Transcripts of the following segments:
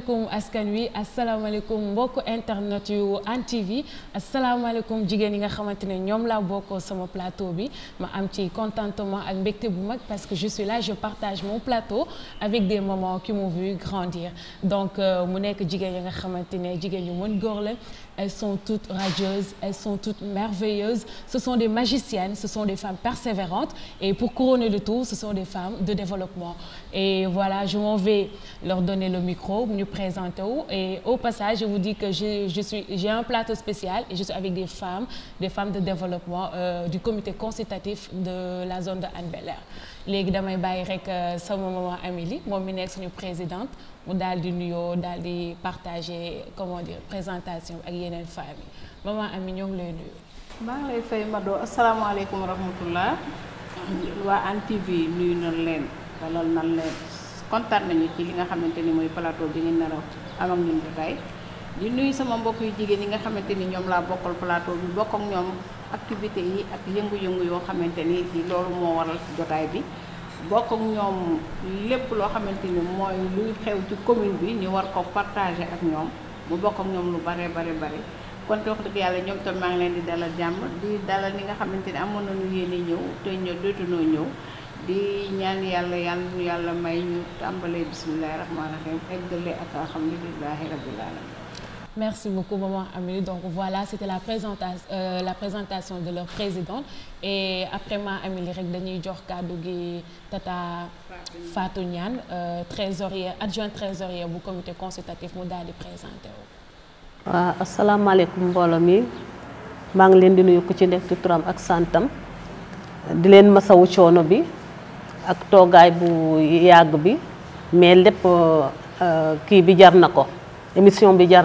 asalaamaaleykum Askanwi, assalam asalaamaaleykum mbokku internet yu Hann TV asalaamaaleykum jigen yi nga xamantene ñom la boko sama plateau bi ma am ci contentement ak mbégte bu mag parce que je suis là je partage mon plateau avec des mamans qui m'ont vu grandir donc euh, mu nek jigen yi nga xamantene jigen yu mën elles sont toutes radieuses, elles sont toutes merveilleuses. Ce sont des magiciennes, ce sont des femmes persévérantes. Et pour couronner le tout, ce sont des femmes de développement. Et voilà, je m'en vais leur donner le micro, nous présenter. Et au passage, je vous dis que j'ai un plateau spécial et je suis avec des femmes, des femmes de développement euh, du comité consultatif de la zone de Anne-Belair. Les c'est Amélie, mon ministre, présidente mu daal di nuyoo dal di partager comment dire présentation ak yeneen famille maman Ami ñoo ngi lay nuyu. maa ngi lay fay Mado asalaamaaleykum wa rahmatullah waa Hann TV nuyu nan leen dalal nan leen kontaan nañu ci li nga xamante ni mooy plateau bi ngeen nar a am ak ñun jotaay di nuyu sama mbokk yu jigéen yi nga xamante ni ñoom laa bokkal plateau bi bokk ak ñoom activité yi ak yëngu-yëngu yoo xamante ni loolu moo waral jotaay bi. bokk ñoom lépp loo xamante ni mooy luy xew ci commune bi ñu war ko partager ak ñoom mu bokk ak ñoom lu bare bare bare kon wax dëgg yàlla ñoom tam maa ngi leen di dalal jàmm di dalal ñi nga xamante ni amoon ñu yéene ñëw te ñëw dootunoo ñëw di ñaan yàlla yàlla yàlla may ñu tàmbalee bisimilahi rahmaani rahim eggale ak alhamdulilahi rabbil alamin Merci beaucoup, Maman Amélie. Donc voilà, c'était la, présentation, euh, la présentation de leur présidente. Et après Maman Amélie, rek dañuy jox Tata Fatou Niane, euh, trésorier adjoint trésorier au comité consultatif mondial de di présenté wu. waaw asalaamaaleykum mbooloo mi maa la leen di nuyu ku ci nekk ci turam ak santam di leen masawu coono bi ak toogaay bu yàgg bi mais lépp euh, kii bi jar émission bi jar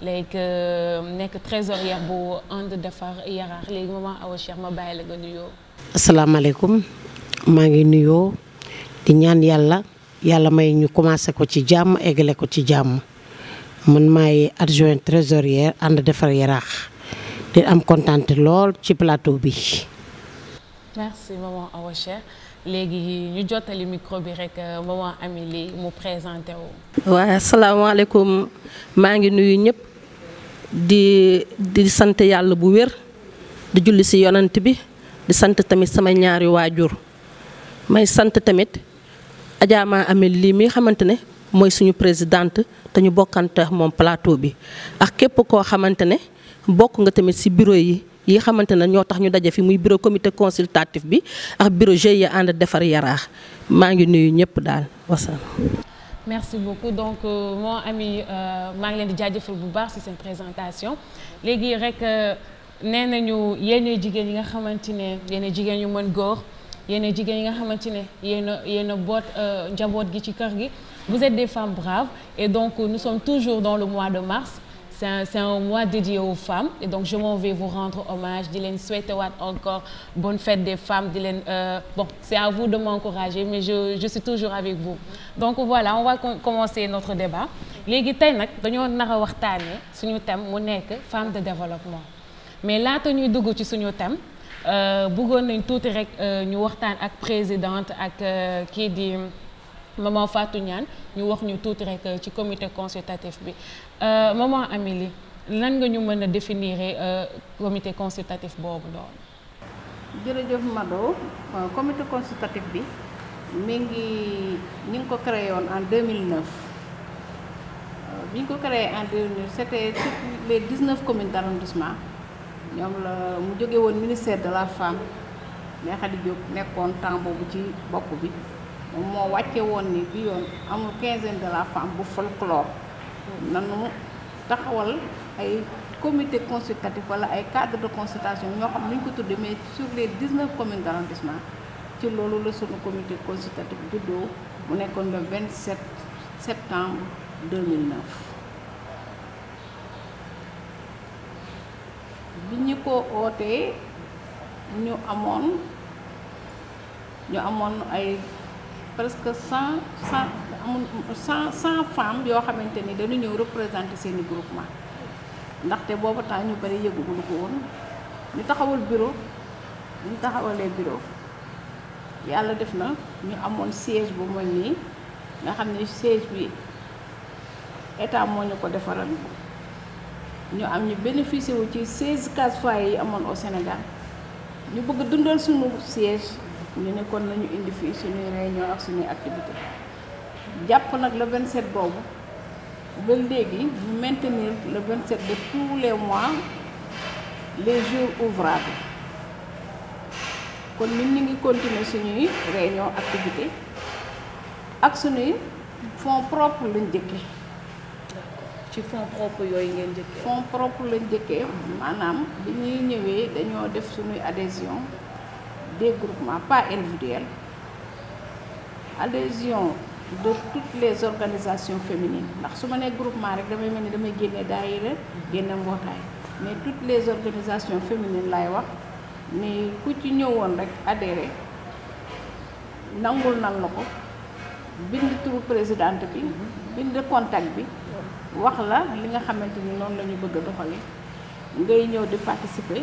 Like euh, nek trésorière bu ànd defar yarar léegi maman Awa Cheikh ma bàyyi la nga nuyoo. asalaamaaleykum ma ngi nuyo di ñaan yalla yalla may ñu commencer ko ci jamm eggale ko ci jamm man may adjoint trésorière ànd defar yaraax di am contente lool ci plateau bi. merci maman Awa Cheikh léegi ñu jottali micro bi rek euh, maman Amélie mu présenté wu. waaw salam maa ngi nuyu ñëpp. di di sant yàlla bu wér di julli ci yonant bi di sant tamit sama ñaari waajur may sant tamit ajaamaa amel lii mi xamante ne mooy suñu présidente te ñu bokkante moom plateau bi ak képp koo xamante ne bokk nga tamit ci bureau yi yi xamante ne ñoo tax ñu daje fi muy bureau comité consultatif bi ak bureau GIE ànd defar yaraax maa ngi nuyu ñëpp daal wasalaam merci beaucoup donc euh, mon ami euh, maa ngi leen di jaajëfal bu baax ci seen présentation léegi rek euh, nee nañu yéen jigéen yi nga ont été en train de se faire. yéen jigéen yi nga xamante ne yéen a yéen a boot njaboot gi ci kër gi vous êtes des femmes braves et donc nous sommes toujours dans le mois de mars c'est un, un, mois dédié aux femmes. Et donc, je m'en vais vous rendre hommage. Dylan souhaite encore bonne fête des femmes. Dylan, euh, bon, c'est à vous de m'encourager, mais je, je, suis toujours avec vous. Donc, voilà, on va commencer notre débat. Légui tay nak dañu nara waxtane suñu thème mu nek femme de développement. Mais là ñuy dugg ci suñu thème euh bëggon nañ touti rek euh, ñu waxtane ak présidente ak qui euh, dit maman Fatou Niane ñu wax ñu tout rek euh, ci comité consultatif bi euh, maman Amélie lan nga ñu mëna euh, comité consultatif bobu noonu. jërëjëf Mado comité consultatif bi mi ngi ñu ko créé en 2009 euh, bi ñu ko créé en 2009 c'était les 19 communes d'arrondissement ñom la mu joggé won ministère de la femme qui Khady Diop nekkoon temps bobu ci bokku bi moom moo wàcce woon ni bi yoon amul quinzaine de la femme bu folklore nanu taxawal ay comité consultatif wala ay cadre de consultation ñoo xam nu ñu ko tudde mais sur les 19 communes d'arrondissement ci loolu la sunu comité consultatif juddoo mu nekkoon le 27 septembre 2009 bi ñu ko ootee ñu amoon ñu amoon ay presque 100 100 100 femmes yo xamanteni dañu ñëw représenter seen groupement ndax té bobu ta ñu bëri yëgugul ko won ni taxawul bureau ni taxawalee bureau yalla def na ñu amone siège bu mo ni nga xam siège bi état mo ñu ko défaral ñu am ñu bénéficier wu ci 16 cas fois yi amone au Sénégal ñu bëgg dundal suñu siège ñu ne kon nañu indi fii suñuy réunion ak suñuy activité jàpp nag la 27 boobu ba léegi ñu maintenir la 27 de tous les mois les jours ouvrables kon ñun ñu ngi continuer suñuy réunion activité ak suñuy fonds propre lañ jëkkee ci fonds propre yooyu ngeen jëkkee fonds propre lañ jëkkee maanaam bi ñuy ñëwee dañoo def suñuy adhésion des groupements, pas individuels, adhésion de toutes les organisations féminines. Parce que je groupement, je Mais toutes les organisations féminines lay wax mais ku ci je rek nangul nan présidente contact bi wax la li nga participer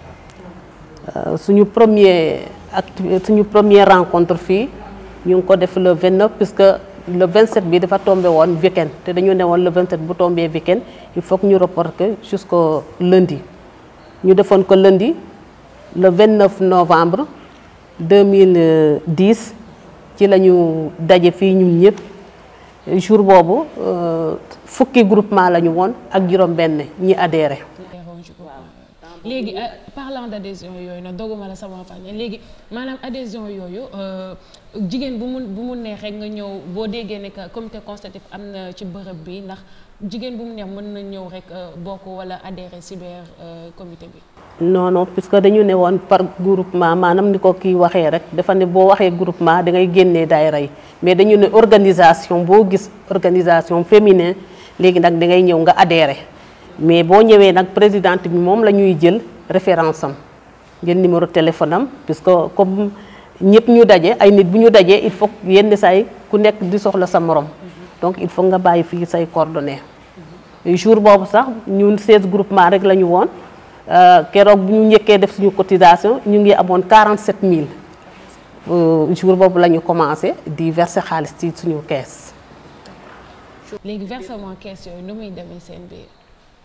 C'est euh, notre première rencontre ici, ñu ngi ko le 29 puisque le 27 bi dafa tombé woon week-end dañu ne le 27 bu tombé week-end il faut que ñu reporter jusqu'au lundi ñu fait ko lundi le 29 novembre 2010 ci lañu le fi ñun ñëpp jour euh fukki groupement lañu ñu woon ak juroom ben ñi adhéré. léegi euh, parlant d' adhésion yooyu nag doguma la sama fan léegi maanaam adhésion yooyu euh, jigéen bu mu bu mu neex nga ñëw boo déggee ne que comité consultatif am na ci bërëb bi ndax jigéen bu mu neex mën na ñëw rek euh, bokk wala adhérer ci biir comité bi. non non puisque dañu ne woon par groupement maanaam ni ko kii waxee rek dafa ne boo waxee groupement da ngay génnee daayira yi mais dañu ne organisation boo gis organisation féminin léegi nag da ngay ñëw nga adhérer. mais boo ñëwee nag présidente bi moom la ñuy jël référence am jël numéro téléphone am puisque comme ñepp ñu dajé ay nit bu ñu dajé il faut yenn say ku nekk di soxla sa morom donc il faut nga bàyyi fi say coordonnées jour bobu sax ñun 16 groupement rek lañu won euh kérok bu ñu njëkkee def suñu cotisation ñu ngi amoon 47000 euh jour bobu lañu commencer di verser xaalis ci suñu caisse légui versement kees yooyu nu muy demee seen biir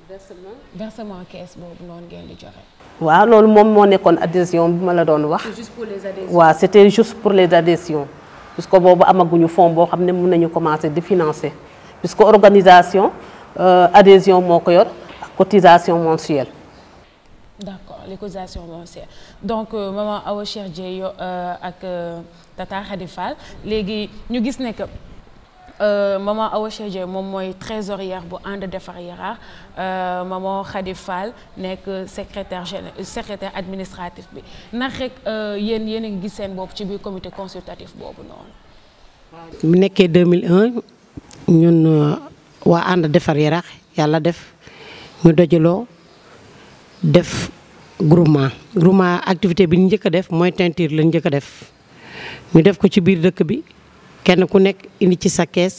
versement versement caisse bobu non ngeen di joxe. wa lolou mom mo nekkoon adhésion bima la don wax. juste pour les adhésions puisque bon à juste pour les adhésions. puisque bobu amaguñu fonds bo xamné mën commencer di financer puisque organisation euh, adhésion moko cotisation mensuelle. d'accord les cotisations mensuelles donc euh, maman Awa Cheikh euh, ak euh, Tata Khady légui ñu gis né que. Euh, maman Awa Cheikh Dieng moom trésorier trésorière bu ànd defar Yaraax euh, maman Khady Fall nekk secrétaire général secrétaire administratif bi ndax rek euh, yéen yéen a ngi gis seen ci biir comité consultatif non. noonu. mu nekkee 2001 ñun waa ànd defar Yaraax yàlla def ñu dajaloo def groupement groupement activité bi ñu njëkk a def mooy teinture la njëkk a def ñu def ko ci biir dëkk bi. kenn ku nekk indi ci sa kees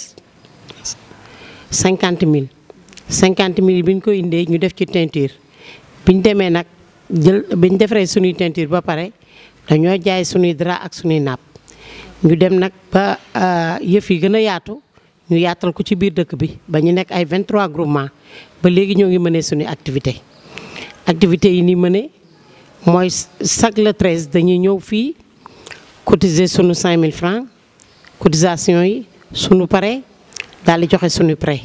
cinquante mille cinquante mille bi ñu ko indee ñu def ci teinture bi ñu demee nag jël bi ñu defaree suñuy teinture ba pare dañoo jaay suñuy drap ak suñuy napp ñu dem nag ba euh, yëf yi gën a yaatu ñu yaatal ko ci biir dëkk bi ba ñu nekk ay 23 groupement ba léegi ñoo ngi mënee suñuy activité activité yi ni mëne mooy chaque le 13 dañuy ñëw fii cotiser sunu 5000 francs cotisation yi suñu pare daal li joxe suñu prêt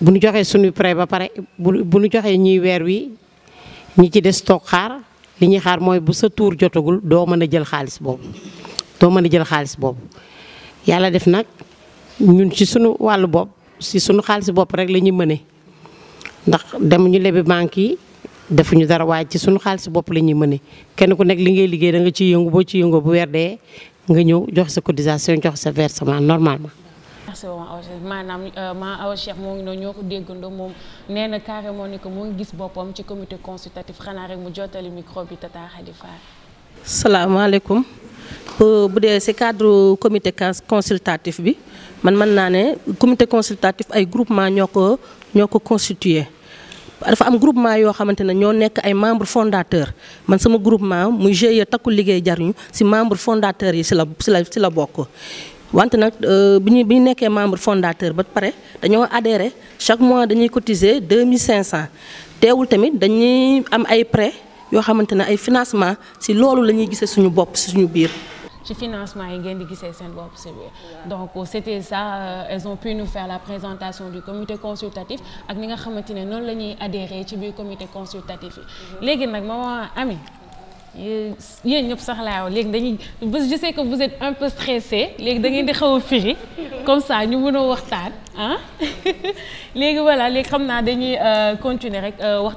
bu ñu joxee suñu prêt ba pare bu bu joxee ñiy weer wi ñi ci des toog xaar li ñuy xaar mooy bu sa tuur jotagul doo mën a jël xaalis boobu doo mën a jël xaalis boobu yàlla def nag ñun ci suñu wàllu bopp si sunu xaalis bopp rek la ñuy mëne ndax dem ñu lebi banque yi defuñu dara waaye ci sunu xaalis bopp la ñuy mëne kenn ku nekk li ngay liggéey da nga ciy yëngu boo ci yëngoo bu weer dee nga ñëw jox sa cotisation jox sa versement normalement. merci beaucoup maanaam euh, maa Awa Cheikh moo ngi noonu ñoo ko déggandoo moom nee na ni que moo ngi gis boppam ci comité consultatif xanaa rek mu jottali micro bi Tata Khady Fall. salaamaaleykum euh, bu dee si cadre comité consultatif bi man man naa ne comité consultatif ay groupement ñoo ko ñoo ko constitué. dafa am groupement yoo xamante ne ñoo nekk ay membre fondateur man sama groupement muy GIE takkul liggéey jariñu si membre fondateur yi si la si la bokk wante nag euh, bi ñu bi ñu nekkee membre fondateur ba pare dañoo adhéré chaque mois dañuy cotiser 2500 teewul tamit dañuy am ay prêt yoo xamante ne ay financement si loolu la ñuy gisee suñu bopp si suñu biir ci financement yi ngeen di donc oh, c'était ça euh, elles ont pu nous faire la présentation du comité consultatif et ni nga adhéré au comité consultatif mhm. maman Ami je sais que vous êtes un peu stressé les comme ça nous hein? euh, continuer euh,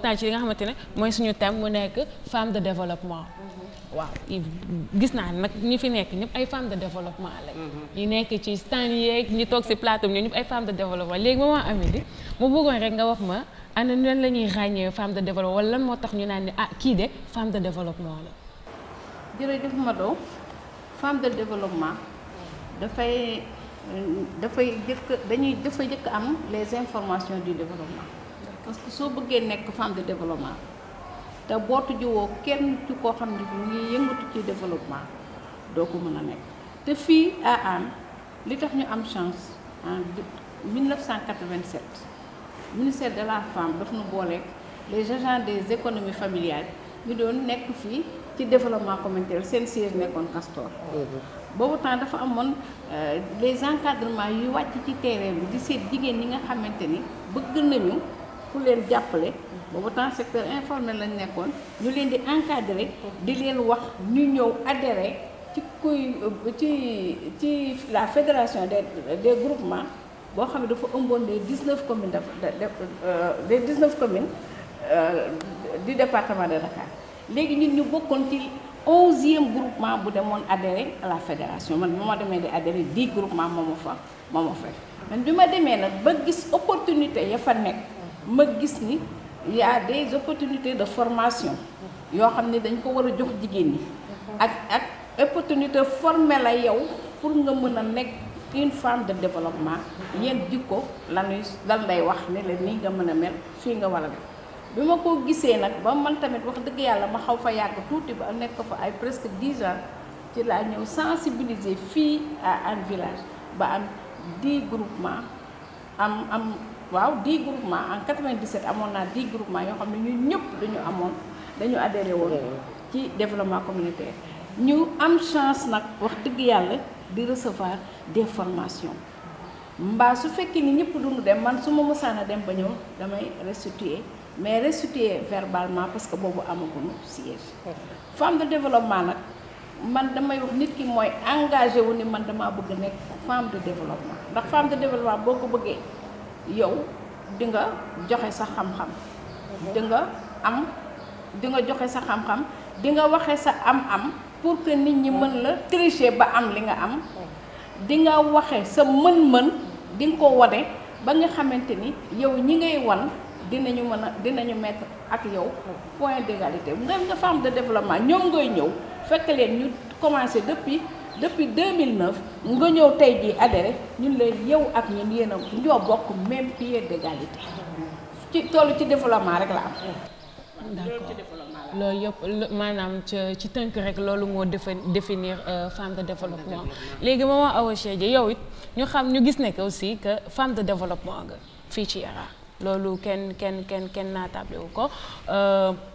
femme de développement waaw gis naa nag ñi fi nekk ñëpp ay femmes de développement lañ. Mhm. ñi nekk ci stand yeeg ñi toog si plateau ñoom ñëpp ay femmes de développement léegi maman Amady mu bëggoon rek nga wax ma ana nan la ñuy ràññee femme de développement wala lan moo tax ñu naan ne ah kii de femme de développement la. jërëjëf Mado de développement dafay dafay jëkk dañuy dafa jëkk am les informations du développement. parce que soo bëggee nekk femme de développement. te bootu jiwoo kenn ci koo xam ne ñu ngi yëngatu ci développement doo ko mën a nekk te fii à Hann li tax ñu am chance en 1987 ministère de la femme daf nu booleek les agents des économies familiales ñu doon nekk fii ci développement communautaire seen siège nekkoon Castor mhm. boobu temps dafa amoon euh, les encadrements yu wàcc ci terrain bi di seet jigéen ñi nga xamante ni bëgg nañu ku leen jàppale boobu secteur informel lañ nekkoon ñu leen di encadrer di leen wax ñu ñëw adhérer ci kuy ci ci la fédération des des groupements boo xam ne dafa ëmboon des dix neuf communes euh, des dix neuf communes euh, du département de Dakar léegi ñun ñu bokkoon ci onzième groupement bu demoon adhéré à la fédération man bu ma demee di adhéré dix groupement moo ma fa moo ma fekk man bi ma demee nag ba gis opportunité ya fa nekk ma gis ni il y a des opportunités de formation yoo xam ne dañ ko war a jox jigéen ñi ak ak opportunité formé la yow pour nga mën a nekk une femme de développement yéen jikko lanuy lan lay wax ne la nii nga mën a mel fii nga war a bi ma ko gisee nag ba man tamit wax dëgg yàlla ma xaw fa yàgg tuuti ba nekk fa ay presque dix ans ci laa ñëw sensibiliser fii à un village ba am dix groupement am am waaw dix groupement en 97 amoon naa dix groupement yo xamni ñu ñëpp dañu amone dañu adhéré won iya. ci développement communautaire ñu am chance nak wax dëgg yalla di recevoir des formations mba su fekk ni ñëpp duñu dem man su ma mosaan dem ba ñëw damay restituer mais restituer verbalement parce que bobu amako ñu siège femme de développement nak man damay wax nit ki moy engagé wu ni man dama bëgg nek femme de développement ndax femme de développement boko bëggé yow di nga joxe sa xam-xam di nga am di nga joxe sa xam-xam di nga waxe sa am-am pour que nit ñi mën la tricher ba am li nga am di nga waxe sa mën-mën di ko wane ba nga xamante ni yow ñi ngay wan dinañu mën a dinañu mettre ak yow point d'égalité nga nga am de développement ñoom ngay ñëw fekk leen ñu commencé depuis depuis 2009 nga ñëw tay ji adéré ñun la yow même pied d'égalité ci tollu ci développement d'accord ci rek euh, femme de développement aussi que femme de développement nga ci ken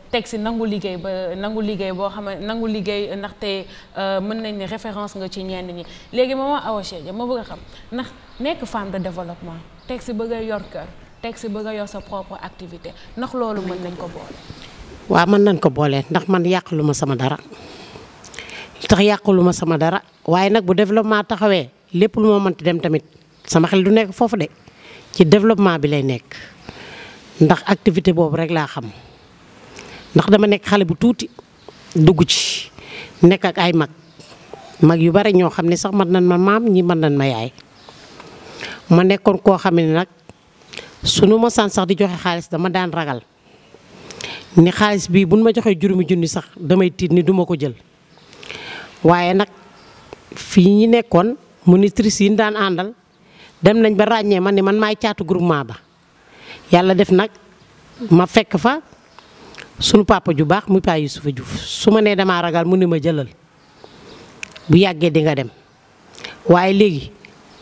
teg si nangu liggéey ba nangu liggéey boo xam nangu liggéey ndaxte euh, mën nañ ne référence nga ci ñenn ñi léegi maman Awa Cheikh ma bëgg xam ndax nekk femme de développement teg si bëgg a yor kër teg si bëgg a yor sa activité ndax loolu mën nañ ko waaw mën nañ ko boole ndax man yàqalu ma sama dara tax yàqalu ma sama dara waaye nag bu développement taxawee lépp lu ma mënti dem tamit sama xel du nekk foofu de ci développement bi lay nekk ndax activité boobu rek laa xam. ndax dama nek xalé bu tuti duggu ci nek ak ay mag mag yu bari ño xamni sax man nan ma mam ñi man nan ma yaay ma nekkon ko xamni nak sunu ma san sax di joxe xaaliss dama daan ragal ni xaaliss bi buñ ma joxe juróomi junni sax damay tit ni duma ko jël waye nak fi ñi nekkon monitrice yi daan andal dem nañ ba ragne man ni man may ciatu groupement ba yalla def nak ma fekk fa sunu papa ju bax muy pa yusufa diouf suma ma dama ragal mu ni ma jëlal bu yagge di nga dem waye léegi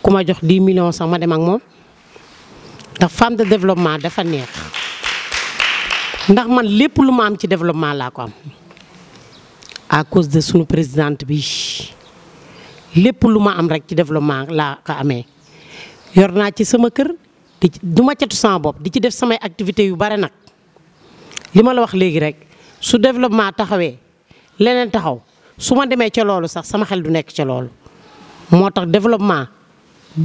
kuma jox 10 millions sax ma dem ak mom ndax femme de développement dafa neex ndax man lepp lu ma am ci développement la ko am à cause de sunu présidente bi lepp lu ma am rek ci développement la ko amé yor ci sama kër di du ma catu sama di ci def sama activité yu bare nak li ma la wax léegi rek su développement taxawee leneen taxaw su ma demee ca loolu sax sama xel du nekk ca loolu moo tax développement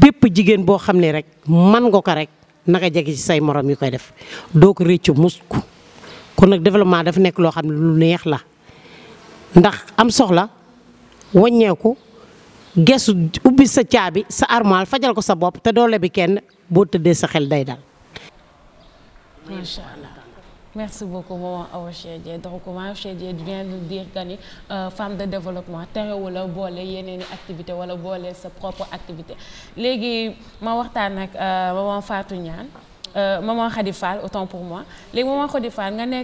bépp jigéen boo xam ne rek man nga ko rek naka jege ci say morom yu koy def doo ko réccu musku kon nag développement dafa nekk loo xam ne lu neex la ndax am soxla wàññeeku gesu ubbi sa caabi sa armoire fajal ko sa bopp te doole bi kenn boo tëddee sa xel day dal. merci beaucoup maman Awa Cheikh donc maman Cheikh vient de dire que euh, femme de développement Elle a boole yeneen une activité wala boole sa propre activité Légui, ma waxtaan ak euh, maman Fatou Niane euh, maman Khadifal, autant pour moi Légui, maman Khadifal, Fall nga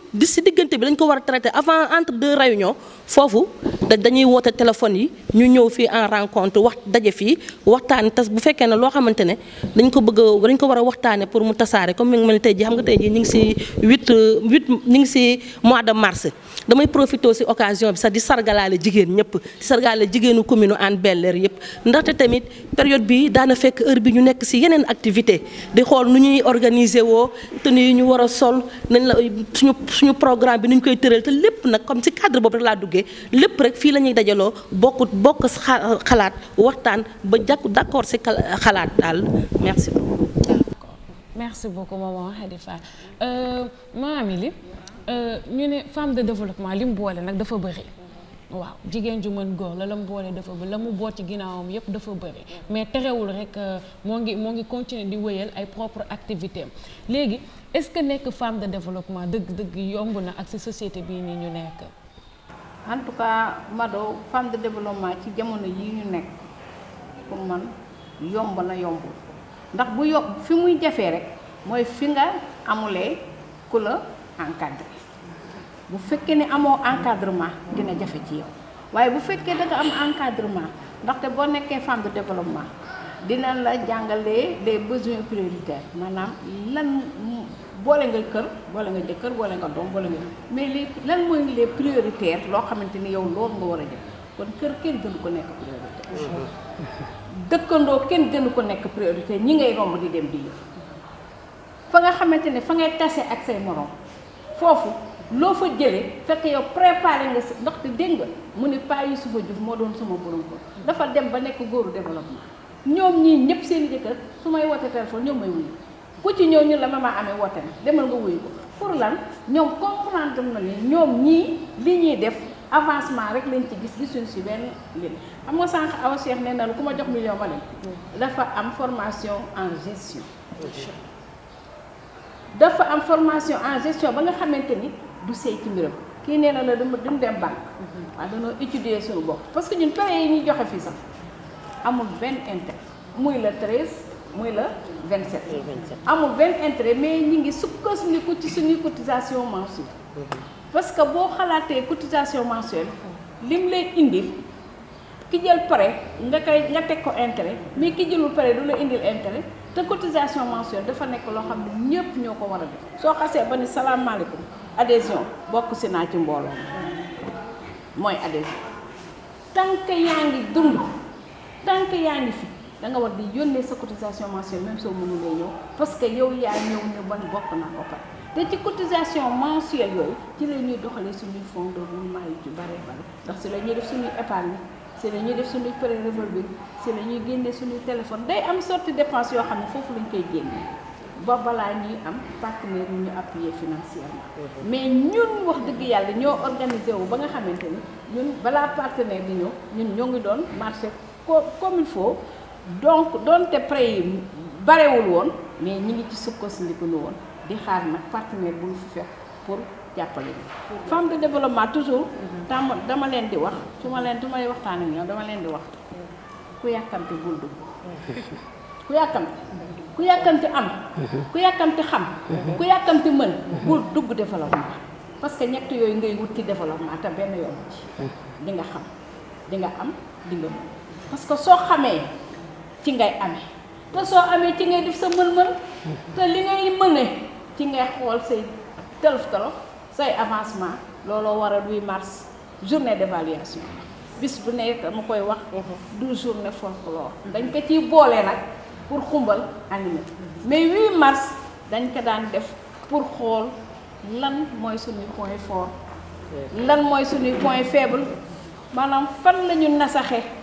d'ici si bi dañ ko wara traité avant entre deux réunions fofu dañuy woote téléphone yi ñu ñëw fi en rencontre wax dajé fi waxtaane tas bu fekkee ne lo xamanté né dañ ko bëgg dañ ko wara a pour mu tassaré comme ngi mel ni ji xam nga tey ji ñi ngi ci 8 8 ñi ngi ci mois de mars damay profité aussi occasion bi sax di sargalaale jigen ñëpp ci sargalaale jigenu commune Hann Bel-Air yëpp ndaxte tamit période bi daana fekk heure bi ñu nekk ci yeneen activité di xool nu ñuy organiser wo tenu ñu wara sol nañ la suñu suñu programme bi nuñ koy teurel te lepp nak comme ci cadre bobu rek la duggé lepp rek fi lañuy dajalo bokut bok xalaat waxtaan ba jakk d'accord ci xalaat dal merci beaucoup. merci beaucoup maman Hadifa euh, maami li euh, ñu ne femme de développement lim boole nak dafa bëri. waaw jigen ju mën goor la lam boole dafa bëri lamu bo ci ginnaawam yépp dafa bëri mais téréwul rek euh, mo ngi mo ngi continuer di wëyel ay propre activité légui est-ce que nekk femme de développement dëgg-dëgg yomb na ak ci société bi nii ñu nekk. en tout cas Mado femme de développement ci jamono yi ñu nekk pour man yomb na yombul ndax bu yo fi muy jafee rek mooy fi nga amulee ku la encadré bu fekkee ni amoo encadrement dina jafe ci yow waaye bu fekkee da am encadrement ndaxte boo nekkee femme de développement dina la jàngalee des besoins prioritaires maanaam lan. boole nga kër boole nga jëkkër boole nga doom boole nga mais li lan mooy les prioritaires loo xamante ni yow loolu nga war a def kon kër kenn gënu ko nekk priorité mhm. dëkkandoo kenn gënu ko nekk priorité ñi ngay romb di dem di yëf fa nga xamante ne fa ngay tase ak say morom foofu loo fa jëlee fekk yow préparé nga si ndaxte dégg nga mu ne Pa suba Diouf moo doon suma borom dafa dem ba nekk góoru développement ñoom ñii ñëpp seen jëkkër su may woote téléphone ñoom may wuyu ku ci ñëw ñu la mama amee woote na demal nga wuyu ko pour lan ñoom comprendre na ni ñoom ñii li ñuy def avancement rek lañ ci gis gisuñ si benn lin xam nga sànq aw Cheikh nee na lu ku ma jox million ma dafa am formation en gestion dafa am formation en gestion ba nga xamante ni du sëy ci mbiram kii nee la du duñ dem banque waaw no étudier suñu bopp parce que ñun pare yi ñuy joxe fii sax amul benn intérêt muy la treize muy la 27. amul benn intérêt mais ñu ngi sukkandiku ci suñuy cotisation mensuelle. Mhm. parce que boo xalaatee cotisation mensuelle lim lay indil ki jël pare nga koy nga teg ko intérêt mais ki jëlul pare du la indil intérêt te cotisation mensuelle dafa nekk loo xam ne ñëpp ñoo ko war a def. soo xasee ba ni salaamaaleykum adhésion bokk si naa ci mbooloo mooy adhésion tant yaa ngi dund tant yaa ngi fi. da nga war di yónnee sa cotisation mensuelle même soo mënulee ñëw parce que yow yaa ñëw ñu ban bokk naa ko par te ci cotisation mensuelle yooyu ci la ñuy doxalee suñuy fond de roulement yu ci baree bari ndax si la ñuy def suñuy épargne si la ñuy def suñuy prêt revolving si la ñuy génnee suñuy téléphone day am sorti dépense yoo xam ne foofu lañ koy génnee ba balaa ñuy am partenaire ñu appuyer financièrement mhm. mais ñun wax dëgg yàlla ñoo organisé wu ba nga xamante ni ñun balaa partenaire di ñëw ñun ñoo ngi doon marché comme il faut donc doonte prêt yi barewul woon mais ñu ngi ci sukkandiku lu woon di xaar nag partenaire bu ñu fi pour jàppale ñu. femme de développement toujours. Mhm. tam dama leen di wax su ma leen du may waxtaan ak ñoom dama leen di wax ku yàkkamti bul dugg ku yàkkamti ku yàkkamti am. ku yàkkamti xam. Mhm. ku yàkkamti mën bul dugg développement parce que ñett yooyu ngay wut ci développement te benn yoon ci mhm. di nga xam di nga am di nga parce soo xamee. ci ngay amee te soo amee ci ngay def sa mën-mën te li ngay mëne ci ngay xool say tolof say avancement looloo waral 8 mars journée d'évaluation bis bu nekk mu koy wax du journée folklore dañ ko ci boole nag pour xumbal animé mais 8 mars dañ ko daan def pour xool lan mooy suñuy point fort lan mooy suñuy point faible maanaam fan la ñu nasaxe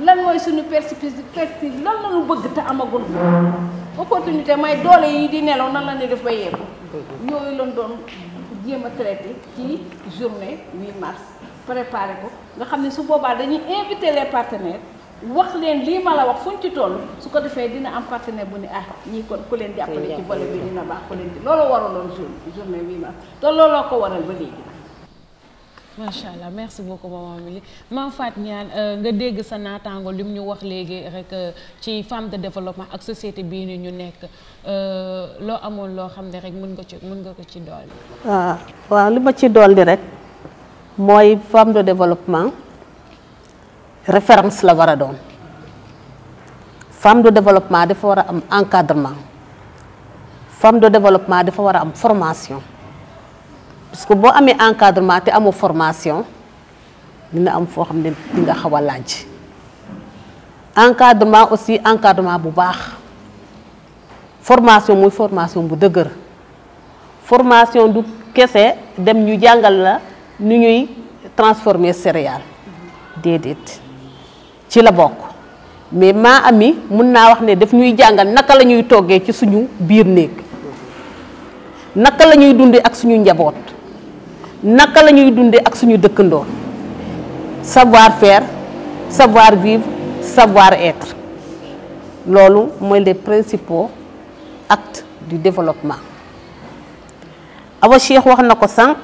lan mooy suñu perspective lan la ñu bëgg te amagul opportunité may doole yi di nelaw nan la ñuy def ba yeeku yooyu lañ doon jéem a traité ci journée 8 mars préparé ko nga xam ne su boobaa dañuy invité les partenaires wax leen lii ma la wax fuñ ci toll su ko defee dina am partenaire bu ne ah ñii kon ku leen jàppale ci volet bi dina baax ku leen di loolu waraloon journée 8 mars te looloo ko waral ba léegi macha allah merci beaucoup maman Mili maa faat ñaan euh, nga dégg sa natango lim ñu wax légui rek euh, ci femme de développement ak société bi ñu nekk euh lo loo lo xamné rek mën nga ci mën nga ko ci dolli. Ah, waaw wa li ma ci di rek moy femme de développement référence la wara doon femme de développement dafa war am encadrement femme de développement dafa war am formation. parce que boo amee encadrement te amoo formation dina am foo xam ne di nga xaw a laaj encadrement aussi encadrement bu baax formation muy formation bu dëgër formation du kese dem ñu jàngal la nu ñuy transformer céréale déedéet ci la bokk mais maa ami mun naa wax ne daf ñuy jàngal naka la ñuy toggee ci suñu biir néeg naka la ñuy dundee ak suñu njaboot naka la ñuy ce ak suñu dëkkëndo savoir faire savoir vivre savoir être C'est moy les principaux actes du développement Awa Cheikh wax nako sank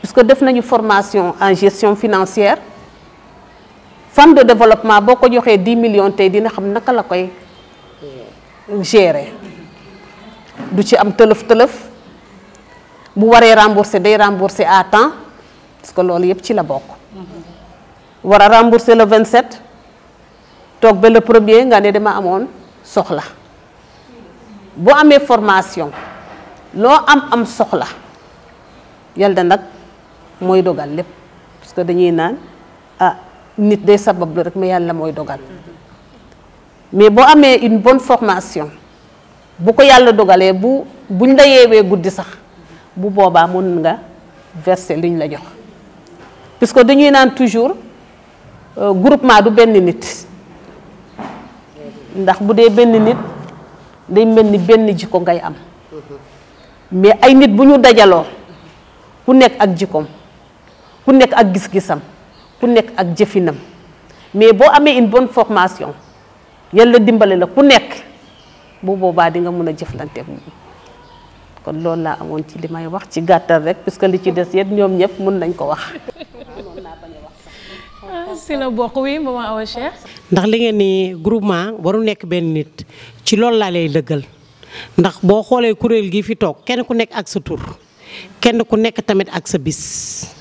puisque def nañu formation en gestion financière femme de développement ont joxé 10 millions de dina xam naka la koy gérer du ci am teuf bu waré rembourser day rembourser à temps parce que vous ci la bok vous rembourser le 27 tok le premier nga ne dama amone soxla formation lo am am soxla vous moy dogal lépp parce que dañuy gens, ah nit day rek mais yalla moy mais une bonne formation bu ko yalla dogalé bu buñ la bu boobaa mun nga verser liñ la jox parce que dañuy naan toujours euh, groupement du benn nit ndax bu dee benn nit day mel ni benn jikko ngay am mais ay nit bu ñu dajaloo ku nekk ak jikkom ku nekk ak gis-gisam ku nekk ak jëfinam mais boo amee une bonne formation yàlla dimbale la ku nekk bu boobaa di nga mun a jëflante kon loolu laa amoon ci li may wax ci gàttal rek puisque li ci des yet ñoom ñëpp mun nañ ko wax. si la bokk wi maman Awa Cheikh. ndax li ngeen ni groupement waru nekk benn nit ci loolu laa lay dëggal ndax boo xoolee kuréel gi fi toog kenn ku nekk ak sa tur kenn ku nekk tamit ak sa bis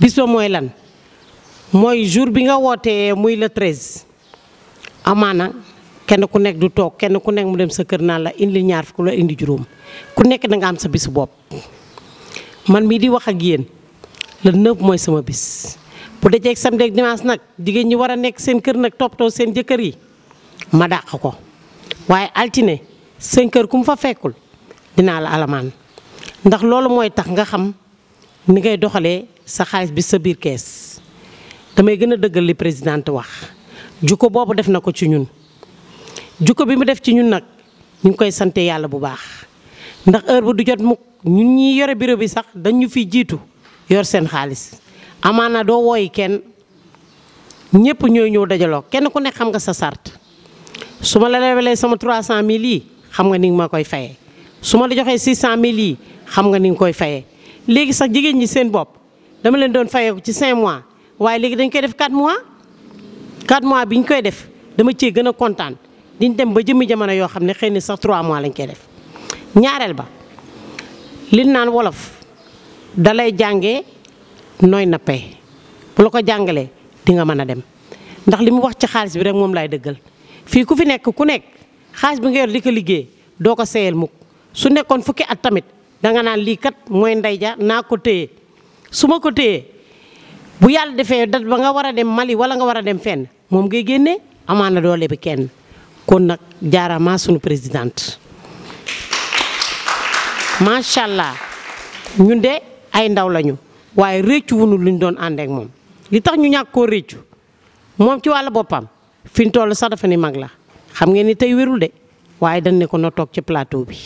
bis ba mooy lan mooy jour bi nga wootee muy le 13 amaana. kenn ku nek du tok kenn ku nek mu dem sa keur na la indi ñaar fukk la indi juroom ku nek da nga am sa bis bop man mi di wax ak yeen le neuf moy sama bis bu ak samedi ak dimanche nak jigéen ñi wara nek seen kër nag toppatoo seen jëkkër yi ma daq ko waye altine seen keur kum fa fekkul dina la alaman ndax lolu moy tax nga xam ni ngay doxale sa xaliss bi sa bir damay gëna deugal li présidente wax juko bobu def nako ci ñun juko bi mu def ci ñun nak ñu koy santé yalla bu baax ndax heure bu du jot mu ñun ñi yoré bureau bi sax dañu fi jitu yor sen xaalis amana do woy ken ñepp ñoy ñoo dajalo ken ku ne xam nga sa sart suma la lebalee sama 300 mille yi xam nga ni nga ma koy fayé suma la joxé 600 mille yi xam nga ni nga koy fayé légui sax jigéen ñi sen bop dama leen doon fayé ci 5 mois waye légui dañ koy def 4 mois 4 mois biñ koy def dama ci gëna contente diñ dem ba jëmmi jamono yoo xam ne xëy na sax 3 mois lañ koy def ñaareel ba li naan wolof dalay jànge nooy nappe bu la ko jàngalee di nga mën a dem ndax li mu wax ci xaalis bi rek moom laay dëggal fii ku fi nekk ku nekk xaalis bi nga yor di ko liggéey doo ko seeyal mukk su nekkoon fukki at tamit danga naan lii kat mooy ndey ja naa ko téye su ma ko téyee bu yàlla defee dat ba nga war a dem Mali wala nga war a dem fenn moom ngay génnee amaana doole bi kenn. kon nak jaarama sunu présidente macha allah ñun de ay ndaw lañu waye réccu wunu luñ doon ànd ak mom li tax ñu ñak ko réccu mom ci wala bopam fiñ tollu sa dafa ni mag la xam ngeen ni tay wërul de waye dañ ne ko no tok ci plateau bi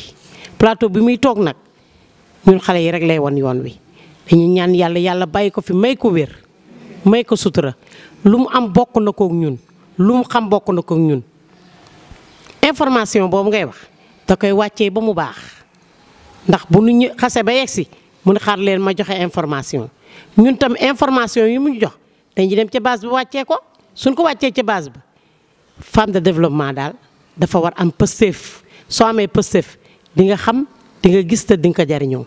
plateau bi muy tok nak ñun xalé yi rek lay wan yoon wi dañuy ñaan yalla yalla bàyyi ko fi may ko wër may ko sutura lum am bokk nako ak ñun lum xam bokk nako ak ñun information boobu ngay wax da koy wàccee ba mu baax ndax bu nu ñu xase ba yegg si mu ne xaar leen ma joxe information ñun tam information yi mu jox dañ dañuy dem ca base bi wàccee ko suñ ko wàccee ca base ba femme de développement daal dafa war am pësteef soo amee pësteef di nga xam di nga gis te di nga ko jariñoo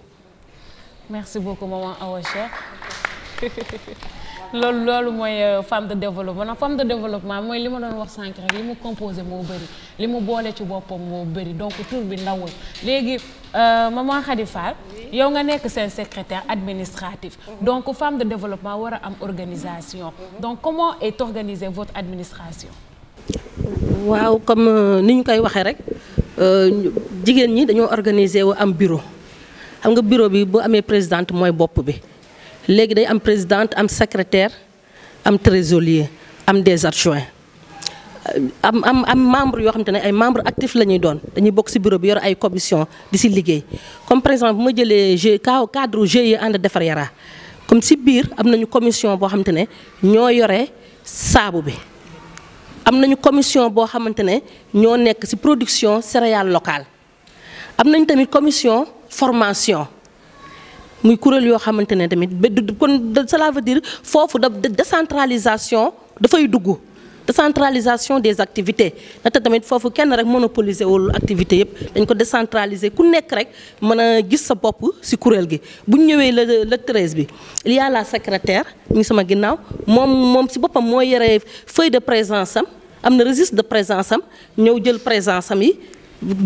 loolu loolu moy euh, femme de développement femme de développement moy li don wax sànq rek li mu composé moo bëri li ci bopom mo beuri donc tour bi légui euh maman Khadifa, yow nga nek secrétaire administratif mhm. donc femme de développement wara a am organisation mhm. donc comment est organisée votre administration waaw comme euh, nous koy waxé rek euh, jigen ñi dañoo organiser wu am bureau xam nga bureau bi bu amé présidente moy bop bi léegi day am présidente am secrétaire am trésorier am des adjoints euh, am am am membre yo xam te ay membre actif lañuy doon dañuy bok ci bureau bi yor ay commission di ci comme par exemple bu ma jëlee cadre GIE ànd defar yara comme ci bir, am nañu commission bo xam te ne ñoo yore bi am nañu commission bo xamante ne ñoo nekk ci production céréales locales. am nañu tamit commission formation muy kurel yo xamantene tamit kon cela veut dire fofu da décentralisation fay dugg décentralisation des activités nata tamit fofu kenn rek monopoliser wul activité yëpp dañ ko décentraliser ku nek rek mën gis sa bop ci kurel gi bu ñu le le treize bi il y a la secrétaire ñu sama ginnaw mom mom ci bopam moo yéré feuille de présence am am registre de présence am ñëw jël présence am yi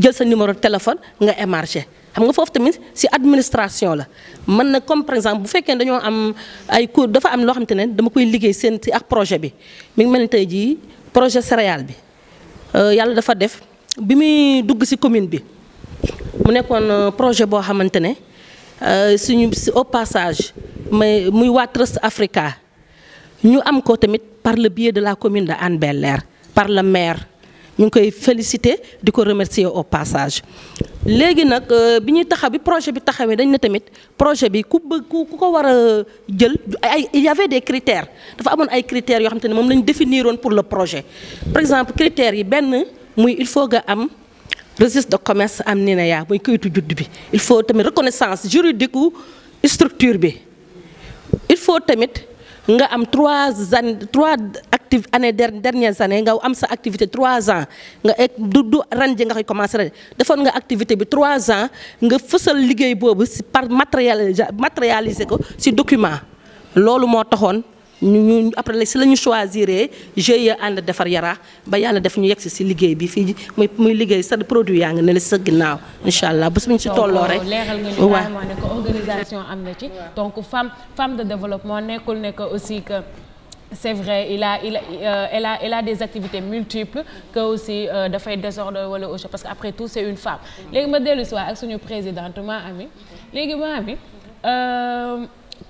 jël sa numéro de téléphone nga émarger xam nga foofu tamit ci administration la man na comme par exemple bu fekkee dañoo am ay cours dafa am loo xam ne dama koy liggéey seen ci ak projet bi mi ngi mel ni tey jii projet céréal bi euh, yàlla dafa def bi muy dugg ci commune bi mu nekkoon euh, projet boo xamante ne euh, suñu au passage mais muy waa Trust Africa ñu am ko tamit par le biais de la commune de Hann par le maire ñu ngi koy féliciter di ko remercier au passage légui nak euh, biñu ñuy taxaw bi projet bi taxawé dañ na tamit projet bi ku ku ko wara jël il y avait des critères dafa amone ay critères yo xamanteni mom lañ moom pour le projet par exemple critères yi ben muy il faut ga am registre de commerce am nina ya muy këyitu judd bi il faut tamit reconnaissance juridique structure bi il faut tamit nga am trois ans trois active dernières années nga sa activité trois ans nga du nga commencé à nga activité bi trois ans nga feussal liguey bobu si par matérialiser matérialiser ko si document lolou ñu après si la ñu choisiree GIE ànd defar yaraax ba yàlla def ñu yegsi si liggéey bi fii muy muy liggéey sa produit yaa ngi ne la sa ginnaaw incha allah bés bu ñu si tolloo euh, rek. leeral nga ñu ko organisation am ci. donc femme femme de développement nekkul ne que aussi que. c'est vrai il a il a euh, elle a elle a des activités multiples que aussi euh, dafay désordre wala autre parce que après tout c'est une femme léegi ma dellu si waa ak suñu présidente ma ami léegi ma ami euh,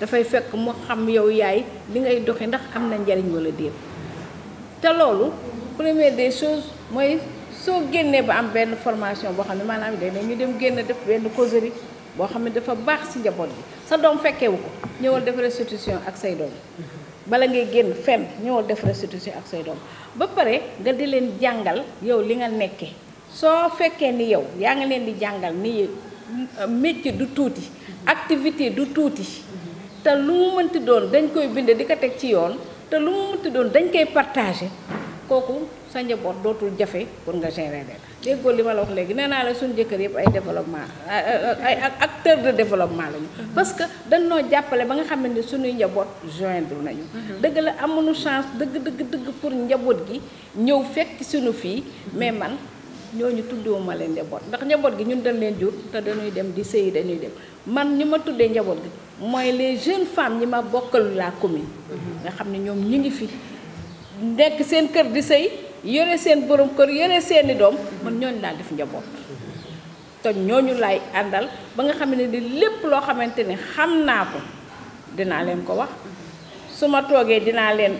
dafay fekk mu xam yow yaay li ngay doxi ndax am na njariñ wala déet te loolu première des choses mooy soo génnee ba am benn formation boo xam ne maanaam day ne ñu dem génn def benn causerie boo xam ne dafa baax ci njaboot bi sa doom fekkewu ko ñëwal def restitution ak say doom bala ngay génn fenn ñëwal def restitution ak say doom ba pare nga di leen jàngal yow li nga nekke soo fekkee ni yow yaa ngi leen di jàngal ni euh, métier du tuuti activité du tuuti te lu mu mënti doon dañ koy bindee di ko teg ci yoon te lu mu mënti doon dañ koy partagé kooku sa njaboot dootul jafe pour nga gérer leen déggoo li ma la wax léegi nee naa la suñu jëkkër yëpp ay développement ay acteur de développement lañu. Mm-hmm. parce que dañ noo jàppale ba nga xam ne suñuy njaboot joindre nañu. Mm-hmm. dëgg la amuñu chance dëgg dëgg dëgg pour njaboot gi ñëw fekk suñu fii mais man. ñooñu tuddooma leen njaboot ndax njabot gi ñun dañ len jur te dañuy dem di sey dañuy dem man ñuma tuddé njabot gi moy les jeunes femmes ñima ma bokkal la commune nga xamni ñom ñi ngi fi nek seen kër di sey yore seen borom kër yore seen dom man ñoñ la def njabot te ñoñu lay andal ba nga xamni di lepp lo xamanteni xamna ko dina len ko wax suma togué dina len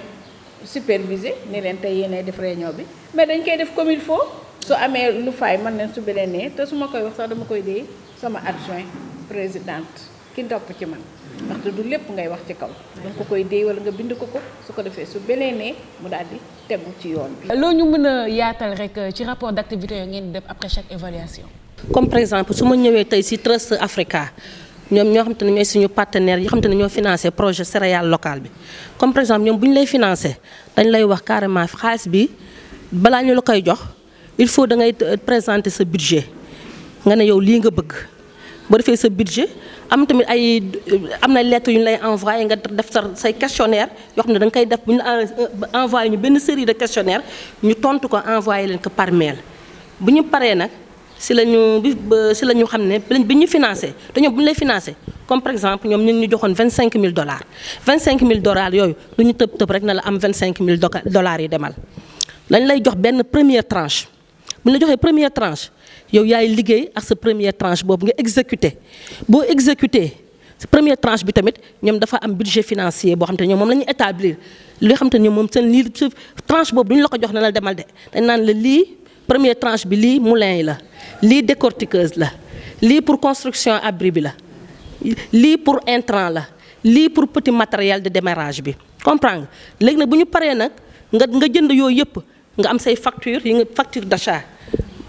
superviser ne len tey yéenay def réunion bi mais dañ koy def comme il faut su amee lu fay man leen su beneen ne te su ma koy wax sax dama koy dee sama adjoint présidente ki topp ci man ndaxte du lépp ngay wax ci kaw donc ko koy dee wala nga bind ko ko su ko defee su beneen ne mu daal di tegu ci yoon bi. loo ñu mën a yaatal rek euh, ci rapport d'activité yoo ngeen def après chaque évaluation. comme par exemple su ma ñëwee tey ci Trust Africa. ñoom ñoo xam te ne ñooy suñu partenaire yi xam te ne ñoo financé projet céréale local bi comme par exemple ñoom bu ñu lay financé dañ lay wax carrément xaalis bi balaa ñu la koy jox il faut que tu te présentes ce budget. Tu as ce que tu veux. Si tu fais ce budget, il y a des lettres qui envoient, tu fais un questionnaire. Tu envoies une série de questionnaires, nous tente de envoyer par mail. Si nous parlons, si nous savons, si nous financer, si nous les financer, comme par exemple, nous avons donné 25 000 dollars. 25 000 dollars, nous avons 25 000 dollars. Nous avons donné une première tranche. Nous la première tranche yow yaay liggéey ak première tranche une exécuter, tranche. Nous première tranche bi budget financier pour établir tranche nous nous la la première tranche moulin décortiqueuse pour construction abri pour intrant pour petit matériel de démarrage bi comprendre nous avons nga am say facture facture d'achat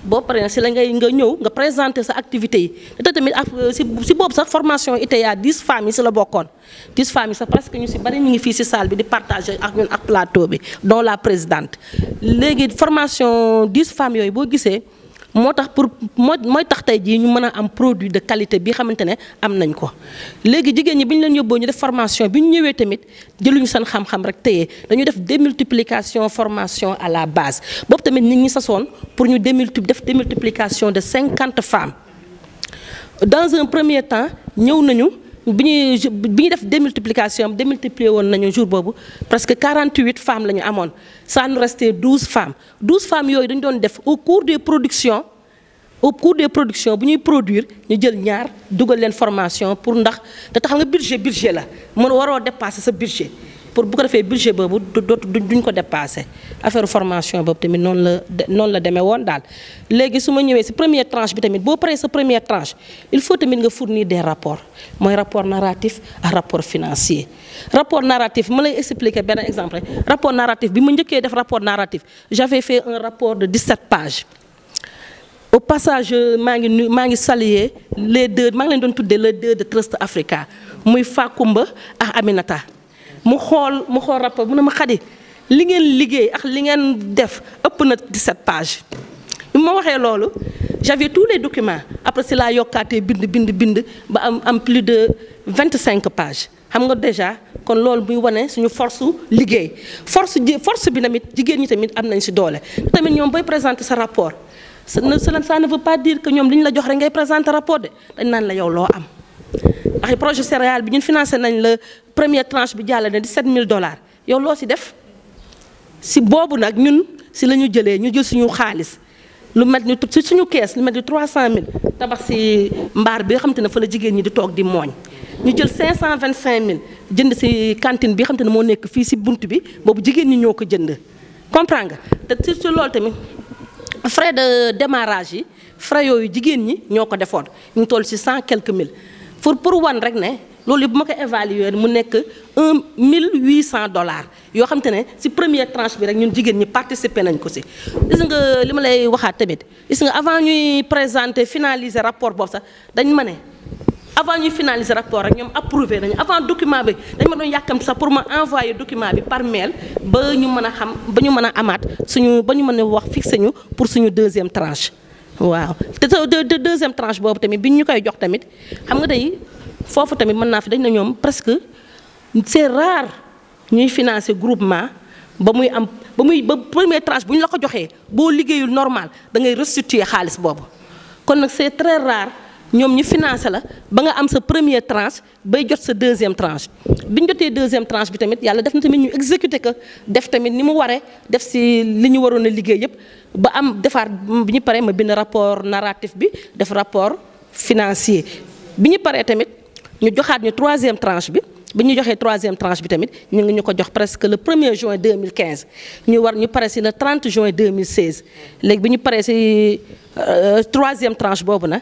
boo si la ngay nga ñëw nga présenter sa activité yi tamit si si sax formation 10 e femmes c'est si la 10 femmes c'est parce presque nous si bari ñu ngi fii salle bi partager avec plateau dont la présidente Les formation 10 femmes c'est motax pour moy tax tay ji ñu mën am produit de qualité bi xamantene am nañ ko léegi jigéen ñi bi ñu leen yóbboo ñu def formation bi ñëwé tamit jëluñu san xam-xam rek téye dañu def démultiplication formation à la base bop tamit nit ñi sasoon pour ñu démulti def démultiplication de cinquante femmes dans un premier temps ñëw nañu bi ñuy bi démultiplication bi jour presque 48 femmes la ñu ça nous restait 12 femmes 12 femmes doon au cours des productions au cours des productions bu produire ñu jël ñaar leen formation pour ndax te tax nga budget budget la mën waroo dépasser ce budget pour bu ko defee budget boobu du duñ ko dépassé affaire formation boobu tamit non la noonu la demee woon daal. léegi su ma ñëwee première tranche bi tamit boo paree première tranche il faut tamit nga fournir des rapports mooy rapport narratif à rapport financier. rapport narratif ma lay expliquer un exemple rapport narratif bi ma def rapport narratif j'avais fait un rapport de 17 pages. au passage maa ngi nuyu ngi saluer les deux maa ngi leen doon tuddee les deux de Trust Africa muy Fakumba ak Aminata mu xool mu xool rapport mu ne ma xadi li ngeen liggéey ak li ngeen def ëpp na 17 pages bi ma waxee loolu j'avais tous les documents après cela laa yokkaatee bind bind bind ba am am plus de 25 pages xam nga déjà kon loolu muy wane suñu force liggéey force force bi tamit jigéen ñi tamit am nañ ci doole tamit ñoom booy présenter sa rapport ça ne ça ne veut pas dire que ñoom li ñu la jox rek ngay présenter rapport de dañ naan la yow loo am. ndax projet céréale bi ñun financé nañ la première tranche bi jàll na 17000 dollars yow loo si def si boobu nag ñun si la ñu jëlee ñu jël suñu xaalis lu mel ni si suñu kees lu trois ni 300000 tabax si mbaar bi nga xam ne fa la jigéen ñi di toog di mooñ. ñu jël 525000 jënd si cantine bi xam te ne moo nekk fii si bunt bi boobu jigéen ñi ñoo ko jënd comprend nga te surtout lool tamit frais de démarrage yi frais yooyu jigéen ñi ñoo ko defoon ñu toll si cent quelques mille. pour pour wan rek ne lolou buma ko évaluer mu nek 1800 dollars yo xam tane ci si première tranche bi rek ñun jigen ñi participer nañ ko ci gis nga li ma lay waxaat tamit gis nga avant ñuy présenter finaliser rapport boobu sa dañ mané avant ñuy finaliser rapport rek ñom approuver nañu avant document bi dañ ma doon yakam sa pour ma envoyer document bi par mail ba ñu mëna xam ba ñu mëna a suñu ba ñu mëna wax fixer ñu pour suñu deuxième tranche. waaw te te deuxième tranche boobu tamit bi ñu koy jox tamit xam nga tey foofu tamit mën naa fi dañ na ñoom presque c'est rare ñuy financer groupement ba muy am ba muy ba première tranche bu ñu la ko joxee boo liggéeyul normal da ngay restituer xaalis boobu kon nag c'est très rare. ñom ñu financer la ba nga am sa première tranche bay jot sa deuxième tranche bi ñu deuxième tranche bi tamit yalla def na tamit ñu exécuté ko def tamit ni mu waré def ci li ñu waroon liggéey yépp ba am defaat bi ñu ma bin rapport narratif bi def rapport financier bi ñu paree tamit ñu joxat ñu troisième tranche bi bi ñu troisième tranche bi tamit ñu ngi ñuko jox presque le 1er juin 2015 ñu war ñu paré ci le 30 juin 2016 légui bi ñu paree euh, troisième tranche bobu nag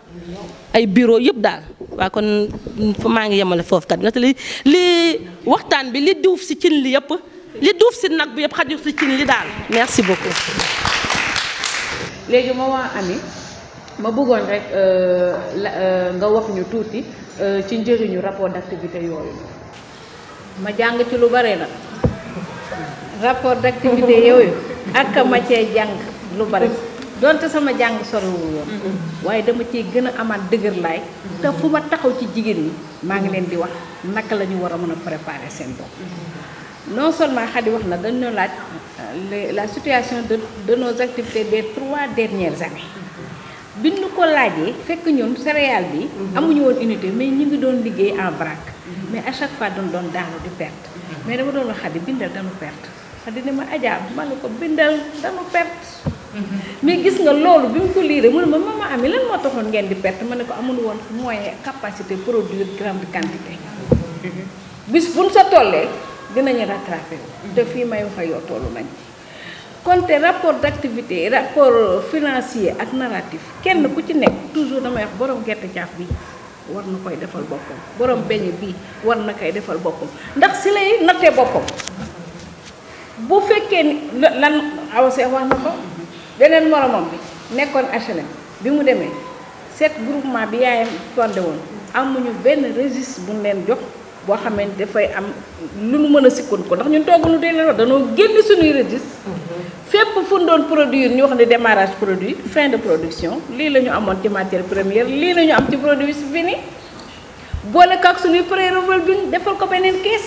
ay bureau yépp daal waa kon maa ngi yemale foofu kat nga li waxtaan bi li duuf si cin li yëpp li duuf si nag bi yëpp xajul si cin li daal merci beaucoup. léegi ma waa Ami ma bëggoon rek euh, euh, nga wax ñu tuuti euh, ci njëriñu rapport d'activité yooyu. ma jàng ci lu bare la rapport d'activité yooyu ak ma cee jàng lu bare. donte sama jàng soriwul woon mm-hmm. waaye dama cee gën a amaat dëgër laay mm-hmm. te fu ma taxaw ci jigéen ñi maa ngi leen di wax naka la ñu war a mën a préparer seen bopp mm-hmm. non seulement Khady wax na dañu laaj euh, la situation de de nos activités des trois dernières années bi ñu ko laajee fekk ñun céréale bi amuñu woon unité mais ñu ngi doon liggéey en vrac mais à chaque fois doon doon daanu di perte mais dama doon wax Khady bindal dañu perte dina ma ajaab man ne ko bindal dama perte. mais gis nga loolu bi mu ko liiree mu ma ma mama ami lan moo taxoon ngeen di perte ma ne ko amul woon moyen capacité produire grande quantité. bis buñ sa tollee dinañu rattrapé wu. te fii may wax ak yow tollu nañ ci. kon te rapport d'activité rapport financier ak narratif kenn ku ci nekk toujours damay wax borom gerte caaf bi. war na koy defal boppam borom beñe bi war na koy defal boppam ndax si lay nattee bu fekkee ni lan aw seex wax na ko beneen moromam bi nekkoon HLM bi mu demee seet groupement bi yaayam fondé woon am amuñu benn registre bu leen jox boo xamee ni dafay am lu nu mën a sikkoon ko ndax ñun tooguñu dee leen wax dañoo génn suñuy registre mhm. fépp fu ñu doon produire ñu wax ne démarrage produit fin de production lii la ñu amoon ci matière première lii la ñu am ci produit bi ni boole ko ak suñuy pré bi defal ko beneen kees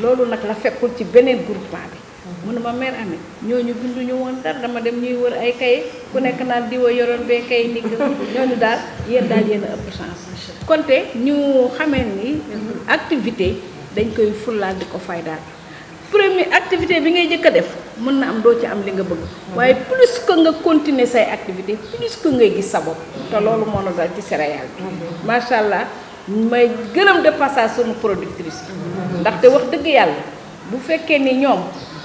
loolu nag la fekkul ci beneen groupement bi munuma mère amee ñooñu binduñu woon dara dama dem ñuy wër ay kaye ku nekk naan diwa yoroon bee kaye ni ñooñu daal yéen daal yéen a ëpp chance konte ñu xamee ni activité dañ koy fullaal di ko fay daal première activité bi ngay jëkk a def mën na am doo ci am li nga bëgg waaye plus que nga continuer say activité plus que ngay gis sa te loolu moo na dal ci céréale bi macha allah may gërëm de passage sunu productrice ndaxte wax dëgg yàlla bu fekkee ni ñoom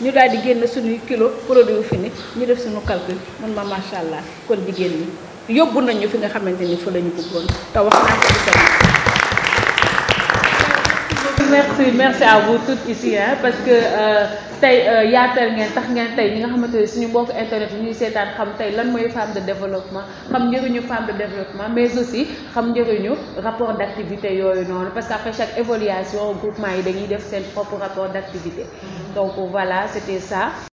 ñu daal di génn suñuy kilo produit fini ñu def suñu calcul man ma macha allah kon jigéen ñi yóbbu nañu fi nga xamante ni fa lañu ñu bëggoon te wax naa ko merci merci à vous toutes ici hein parce que euh, tay euh, yaatal ngeen tax ngeen tay ñi nga xamante ne suñu mbokk internet ñuy seetaan xam tay lan mooy femme de développement xam njëriñu femme de développement mais aussi xam njëriñu rapport d'activité activité yooyu parce que après chaque évaluation groupement yi dañuy def seen propre rapport d'activité donc voilà c'était ça